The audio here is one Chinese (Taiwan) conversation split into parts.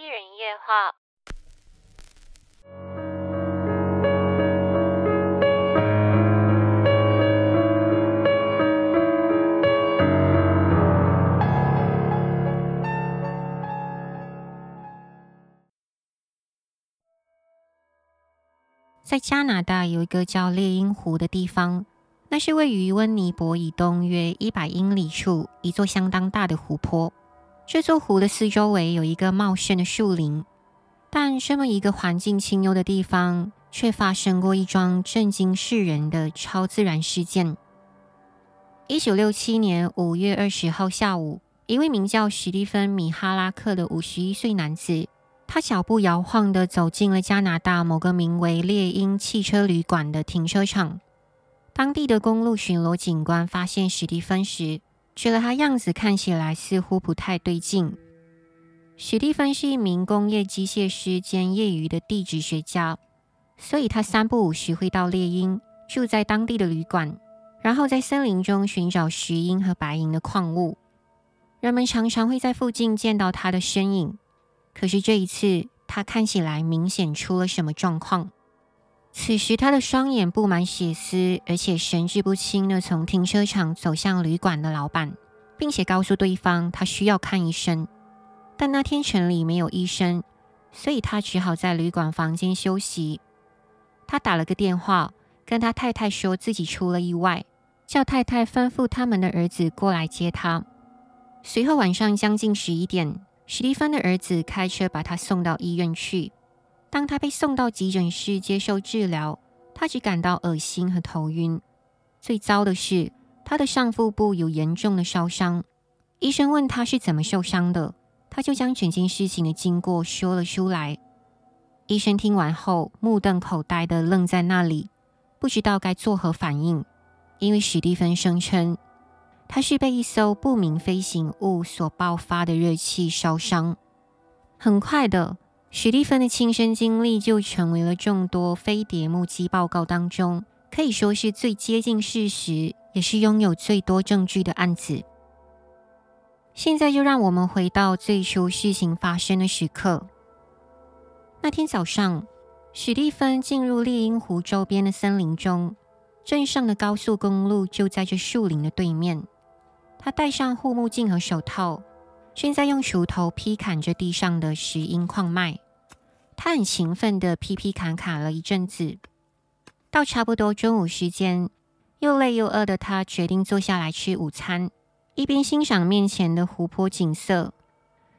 一人夜話。在加拿大有一個叫獵鷹湖的地方，那是位於溫尼伯以東約一百英里處，一座相當大的湖泊。這座湖的四周圍有一個茂盛的樹林，但這麼一個環境清幽的地方，卻發生過一樁震驚世人的超自然事件。一九六七年五月二十號下午，一位名叫史蒂芬·米哈拉克的五十一歲男子，他腳步搖晃地走進了加拿大某個名為獵鷹汽車旅館的停車場。當地的公路巡邏警官發現史蒂芬時，覺得他樣子看起來似乎不太對勁。史蒂芬是一名工業機械師兼業餘的地質學家，所以他三不五時會到獵鷹，住在當地的旅館，然後在森林中尋找石英和白銀的礦物。人們常常會在附近見到他的身影，可是這一次，他看起來明顯出了什麼狀況。此時，他的雙眼佈滿血絲，而且神志不清的從停車場走向旅館的老闆，並且告訴對方他需要看醫生。但那天城裡沒有醫生，所以他只好在旅館房間休息。他打了個電話，跟他太太說自己出了意外，叫太太吩咐他們的兒子過來接他。隨後晚上將近十一點，史蒂芬的兒子開車把他送到醫院去。當他被送到急診室接受治療，他只感到噁心和頭暈。最糟的是，他的上腹部有嚴重的燒傷。醫生問他是怎麼受傷的，他就將整件事情的經過說了出來。醫生聽完後目瞪口呆的愣在那裡，不知道該作何反應，因為史蒂芬聲稱他是被一艘不明飛行物所爆發的熱氣燒傷。很快的，史蒂芬的親身經歷就成為了眾多飛碟目擊報告當中，可以說是最接近事實，也是擁有最多證據的案子。現在就讓我們回到最初事情發生的時刻。那天早上，史蒂芬進入獵鷹湖周邊的森林中，鎮上的高速公路就在這樹林的對面。他戴上護目鏡和手套，正在用鋤頭劈砍着地上的石英礦脈，他很勤奮的劈劈砍砍了一陣子，到差不多中午時間，又累又餓的他決定坐下來吃午餐，一邊欣賞面前的湖泊景色。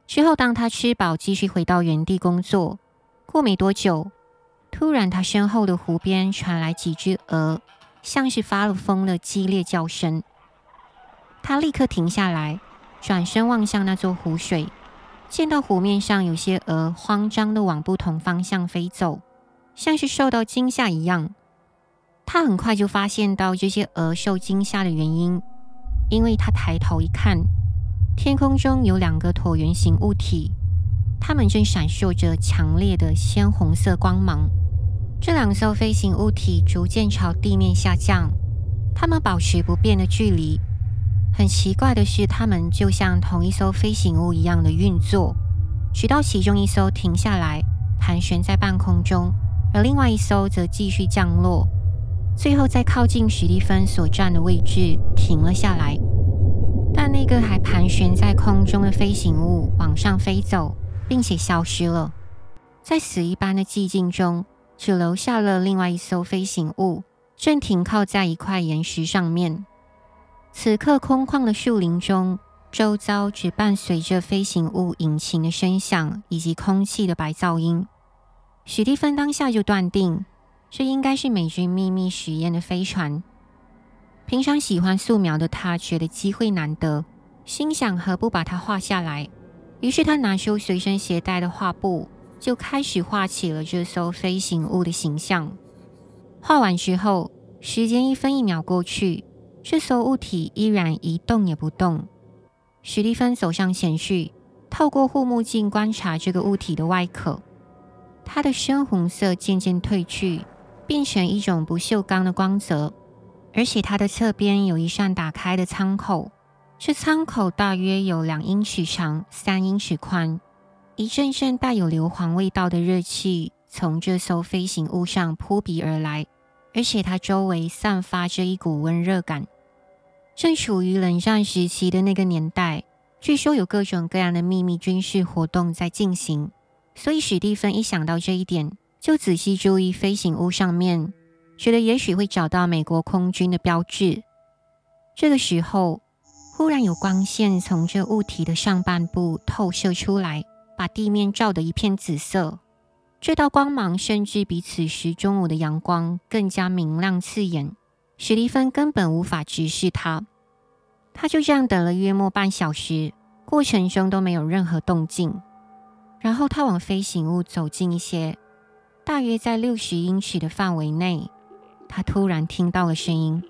之後，當他吃飽，繼續回到原地工作。過沒多久，突然他身後的湖邊傳來幾隻鵝，像是發了瘋的激烈叫聲，他立刻停下來。轉身望向那座湖水，見到湖面上有些鵝慌張地往不同方向飛走，像是受到驚嚇一樣。他很快就發現到這些鵝受驚嚇的原因，因為他抬頭一看，天空中有兩個橢圓形物體，它們正閃爍着強烈的鮮紅色光芒。這兩艘飛行物體逐漸朝地面下降，它們保持不變的距離。很奇怪的是，它們就像同一艘飛行物一樣的運作，直到其中一艘停下來，盤旋在半空中，而另外一艘則繼續降落，最後在靠近史蒂芬所站的位置停了下來。但那個還盤旋在空中的飛行物往上飛走，並且消失了，在死一般的寂靜中，只留下了另外一艘飛行物正停靠在一塊岩石上面。此刻空曠的樹林中，周遭只伴隨着飛行物引擎的聲響以及空氣的白噪音。史蒂芬當下就斷定，這應該是美軍秘密實驗的飛船。平常喜歡素描的他覺得機會難得，心想何不把它畫下來？於是他拿出隨身攜帶的畫布，就開始畫起了這艘飛行物的形象。畫完之後，時間一分一秒過去。這艘物體依然一動也不動。史蒂芬走上前去，透過護目鏡觀察這個物體的外殼。它的深紅色漸漸褪去，變成一種不鏽鋼的光澤。而且它的側邊有一扇打開的艙口。這艙口大約有兩英尺長、三英尺寬。一陣陣帶有硫磺味道的熱氣從這艘飛行物上撲鼻而來。而且它周圍散發着一股溫熱感，正處於冷戰時期的那個年代，據說有各種各樣的秘密軍事活動在進行。所以史蒂芬一想到這一點，就仔細注意飛行物上面，覺得也許會找到美國空軍的標誌。這個時候，忽然有光線從這物體的上半部透射出來，把地面照得一片紫色。這道光芒甚至比此時中午的陽光更加明亮刺眼，史蒂芬根本無法直視它。他就這樣等了約莫半小時，過程中都沒有任何動靜。然後他往飛行物走近一些，大約在六十英尺的範圍內，他突然聽到了聲音。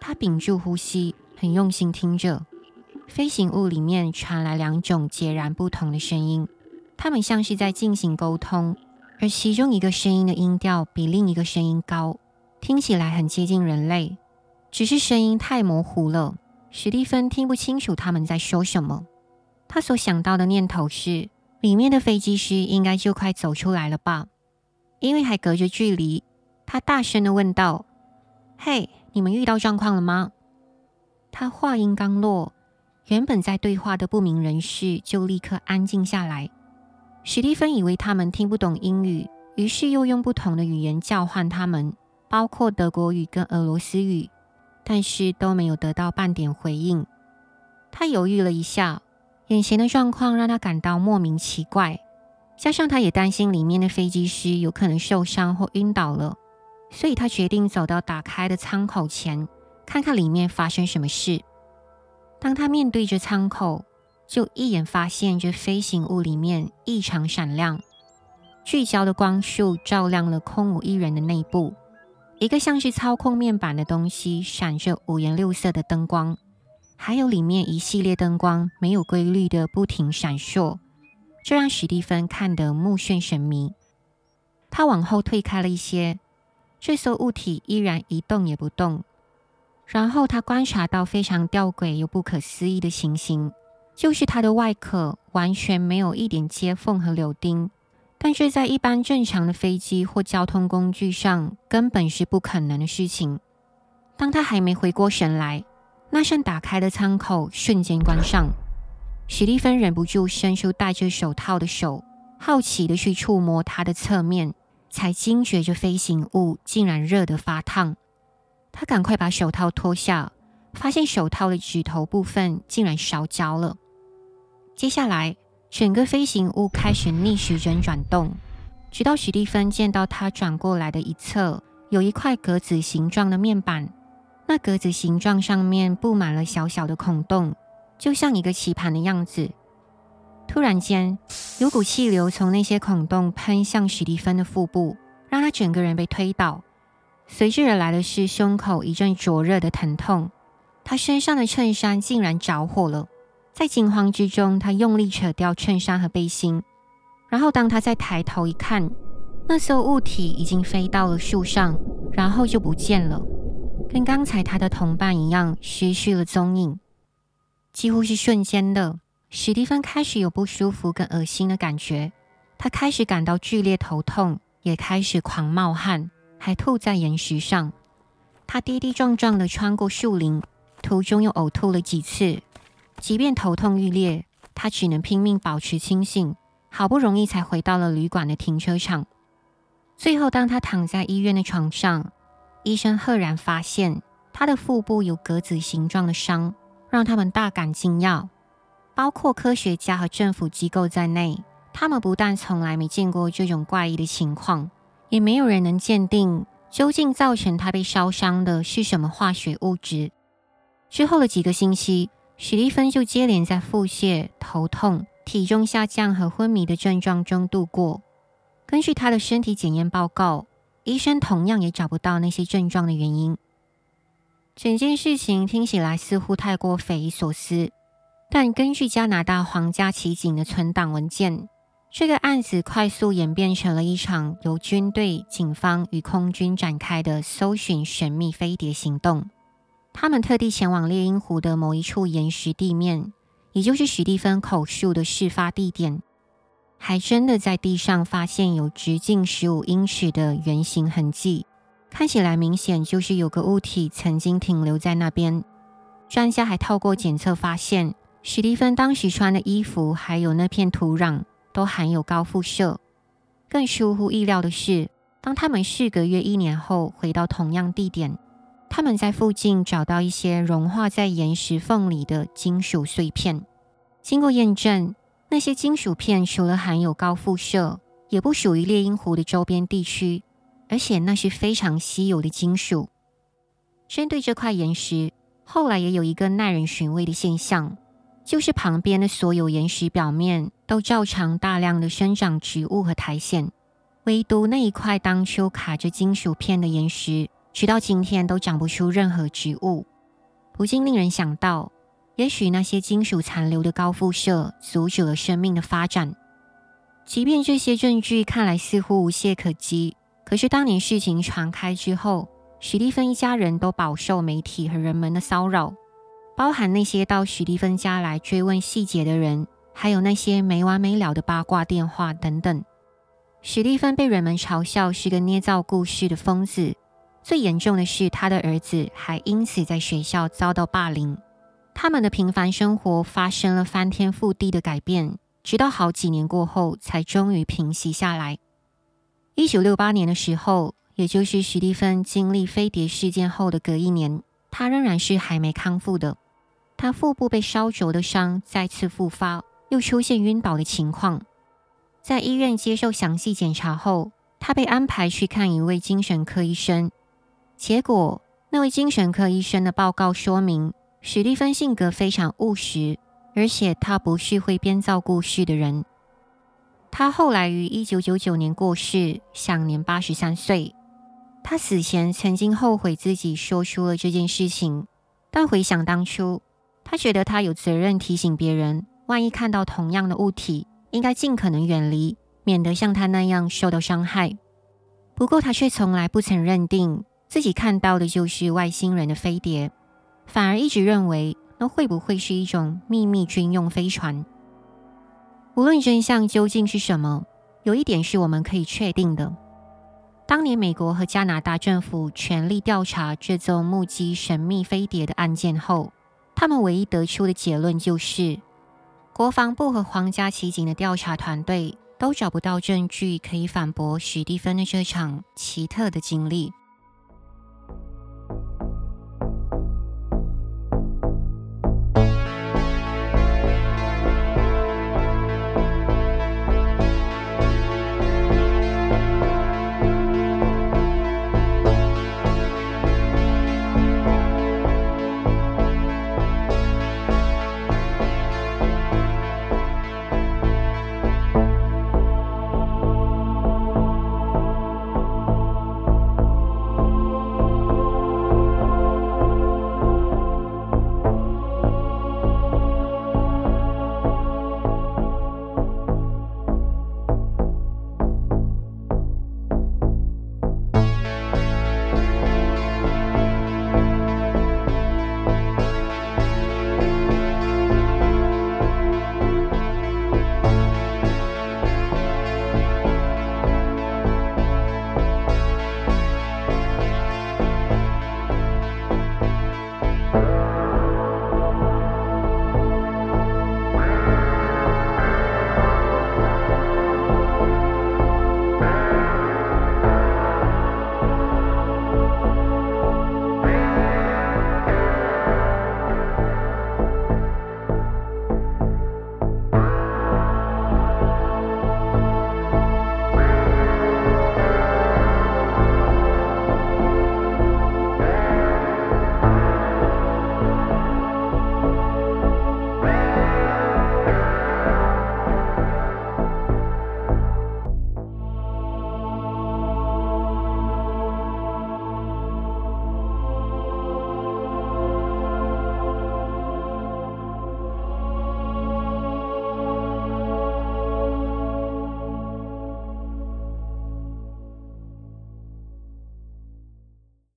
他屏住呼吸，很用心聽着，飛行物裡面傳來兩種截然不同的聲音。他們像是在進行溝通，而其中一個聲音的音調比另一個聲音高，聽起來很接近人類，只是聲音太模糊了。史蒂芬聽不清楚他們在說什麼。他所想到的念頭是，裡面的飛機師應該就快走出來了吧，因為還隔着距離。他大聲的問道：“嘿，你們遇到狀況了嗎？”他話音剛落，原本在對話的不明人士就立刻安靜下來。史蒂芬以為他們聽不懂英語，於是又用不同的語言叫喚他們，包括德國語跟俄羅斯語，但是都沒有得到半點回應。他猶豫了一下，眼前的狀況讓他感到莫名奇怪，加上他也擔心裡面的飛機師有可能受傷或暈倒了，所以他決定走到打開的艙口前，看看裡面發生什麼事。當他面對着艙口，就一眼發現這飛行物裡面異常閃亮，聚焦的光束照亮了空無一人的內部，一個像是操控面板的東西閃着五顏六色的燈光，還有裡面一系列燈光沒有規律的不停閃爍，這讓史蒂芬看得目眩神迷。他往後退開了一些，這艘物體依然一動也不動，然後他觀察到非常吊詭又不可思議的情形。就是它的外殼完全沒有一點接縫和鉚釘，但是在一般正常的飛機或交通工具上根本是不可能的事情。當他還沒回過神來，那扇打開的艙口瞬間關上。史蒂芬忍不住伸出戴着手套的手，好奇的去觸摸它的側面，才驚覺着飛行物竟然熱得發燙。他趕快把手套脫下，發現手套的指頭部分竟然燒焦了。接下來，整個飛行物開始逆時針轉動。直到史蒂芬見到他轉過來的一側有一塊格子形狀的面板，那格子形狀上面佈滿了小小的孔洞，就像一個棋盤的樣子。突然間，有股氣流從那些孔洞噴向史蒂芬的腹部，讓他整個人被推倒。隨之而來的是胸口一陣灼熱的疼痛，他身上的襯衫竟然着火了。在驚慌之中，他用力扯掉襯衫和背心，然後當他再抬頭一看，那艘物體已經飛到了樹上，然後就不見了，跟剛才他的同伴一樣，失去了蹤影。幾乎是瞬間的，史蒂芬開始有不舒服跟惡心的感覺，他開始感到劇烈頭痛，也開始狂冒汗，還吐在岩石上。他跌跌撞撞地穿過樹林，途中又嘔吐了幾次。即便頭痛欲裂，他只能拼命保持清醒，好不容易才回到了旅館的停車場。最後，當他躺在醫院的床上，醫生赫然發現他的腹部有格子形狀的傷，讓他們大感驚訝。包括科學家和政府機構在內，他們不但從來沒見過這種怪異的情況，也沒有人能鑑定究竟造成他被燒傷的是什麼化學物質。之後的幾個星期，史蒂芬就接連在腹瀉、頭痛、體重下降和昏迷的症狀中度過。根據他的身體檢驗報告，醫生同樣也找不到那些症狀的原因。整件事情聽起來似乎太過匪夷所思，但根據加拿大皇家騎警的存檔文件，這個案子快速演變成了一場由軍隊、警方與空軍展開的搜尋神秘飛碟行動。他們特地前往獵鷹湖的某一處岩石地面，也就是史蒂芬口述的事發地點，還真的在地上發現有直徑十五英尺的圓形痕迹，看起來明顯就是有個物體曾經停留在那邊。專家還透過檢測發現，史蒂芬當時穿的衣服還有那片土壤都含有高輻射。更出乎意料的是，當他們事隔約一年後回到同樣地點。他們在附近找到一些融化在岩石縫裡的金屬碎片，經過驗證，那些金屬片除了含有高輻射，也不屬於獵鷹湖的周邊地區，而且那是非常稀有的金屬。針對這塊岩石，後來也有一個耐人尋味的現象，就是旁邊的所有岩石表面都照常大量的生長植物和苔蘚，唯獨那一塊當初卡着金屬片的岩石。直到今天都長不出任何植物，不禁令人想到，也許那些金屬殘留的高輻射阻止了生命的發展。即便這些證據看來似乎無懈可擊，可是當年事情傳開之後，史蒂芬一家人都飽受媒體和人們的騷擾，包含那些到史蒂芬家來追問細節的人，還有那些沒完沒了的八卦電話等等。史蒂芬被人們嘲笑是個捏造故事的瘋子。最嚴重的是，他的兒子還因此在學校遭到霸凌。他們的平凡生活發生了翻天覆地的改變，直到好幾年過後才終於平息下來。一九六八年的時候，也就是史蒂芬經歷飛碟事件後的隔一年，他仍然是還沒康復的。他腹部被燒灼的傷再次復發，又出現暈倒的情況。在醫院接受詳細檢查後，他被安排去看一位精神科醫生。結果，那位精神科醫生的報告說明，史蒂芬性格非常務實，而且他不是會編造故事的人。他後來於1999年過世，享年83歲。他死前曾經後悔自己說出了這件事情，但回想當初，他覺得他有責任提醒別人，萬一看到同樣的物體，應該盡可能遠離，免得像他那樣受到傷害。不過，他卻從來不曾認定。自己看到的就是外星人的飛碟，反而一直認為那會不會是一種秘密軍用飛船？無論真相究竟是什麼，有一點是我們可以確定的：當年美國和加拿大政府全力調查這宗目擊神秘飛碟的案件後，他們唯一得出的結論就是，國防部和皇家騎警的調查團隊都找不到證據可以反駁史蒂芬的這場奇特的經歷。